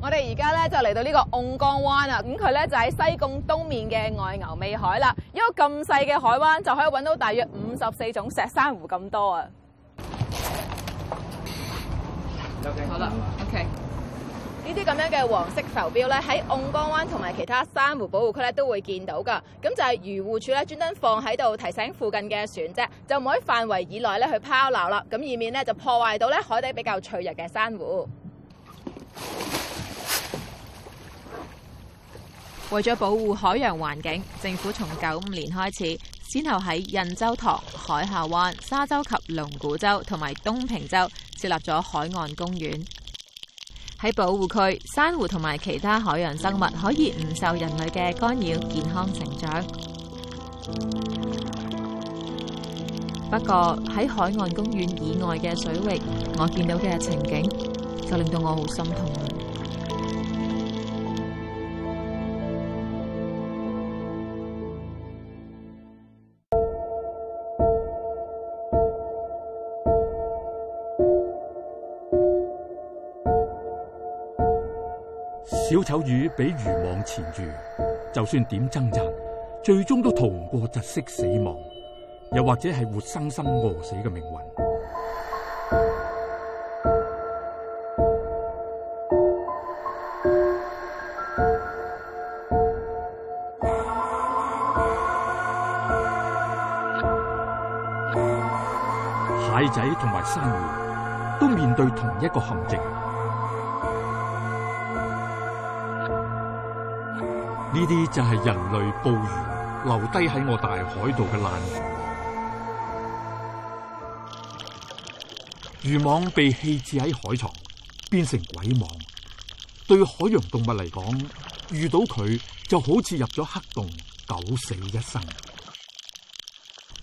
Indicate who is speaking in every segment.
Speaker 1: 我哋而家咧就嚟到呢個甕缸灣啊，咁佢咧就喺西貢東面嘅外牛尾海啦。一個咁細嘅海灣，就可以搵到大約五十四種石珊瑚咁多啊。好啦，OK。呢啲咁樣嘅黃色浮標咧，喺甕缸灣同埋其他珊瑚保護區咧都會見到噶。咁就係漁護署咧專登放喺度提醒附近嘅船隻，就唔可以範圍以內咧去拋錨啦，咁以免咧就破壞到咧海底比較脆弱嘅珊瑚。為咗保護海洋環境，政府從九五年開始，先後喺印洲塘、海下灣、沙洲及龍鼓洲同埋東平洲設立咗海岸公園。喺保護區，珊瑚同埋其他海洋生物可以唔受人類嘅干擾，健康成長。不過，喺海岸公園以外嘅水域，我見到嘅情景就令到我好心痛。
Speaker 2: 小丑魚俾漁網纏住，就算點掙扎，最終都逃唔過窒息死亡，又或者係活生生餓死嘅命運。蟹仔同埋珊瑚都面對同一個陷阱。呢啲就係人類捕魚留低喺我大海度嘅爛魚網，漁網被棄置喺海床，變成鬼網。對海洋動物嚟講，遇到佢就好似入咗黑洞，九死一生。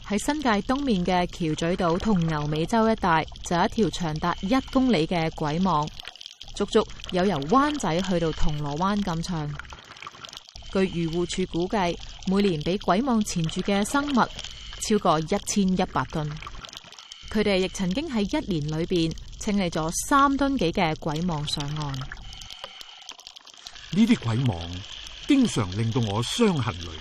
Speaker 1: 喺新界東面嘅橋咀島同牛尾洲一帶，就有一條長達一公里嘅鬼網，足足有由灣仔去到銅鑼灣咁長。據漁護署估計，每年俾鬼網纏住嘅生物超過一千一百噸。佢哋亦曾經喺一年裏邊清理咗三噸幾嘅鬼網上岸。
Speaker 2: 呢啲鬼網經常令到我傷痕累累。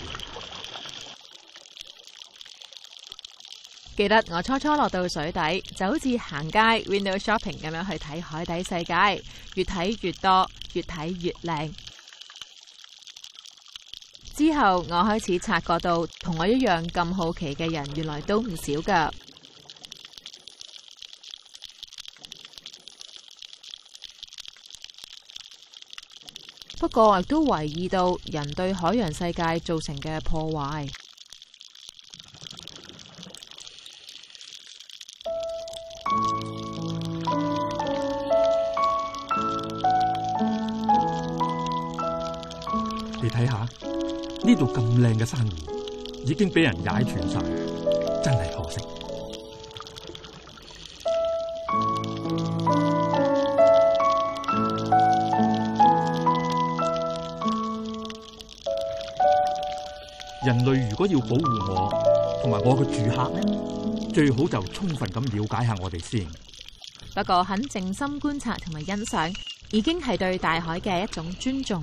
Speaker 1: 記得我初初落到水底，就好似行街 window shopping 咁樣去睇海底世界，越睇越多，越睇越靚。之後我開始察覺到，同我一樣咁好奇嘅人，原來都唔少㗎。不過亦都懷疑到人對海洋世界造成嘅破壞。
Speaker 2: 你睇下。呢度咁靚嘅珊瑚已經俾人踩斷晒，真係可惜。人類如果要保護我同埋我嘅住客呢，最好就充分咁了解下我哋先。
Speaker 1: 不過，肯靜心觀察同埋欣賞，已經係對大海嘅一種尊重。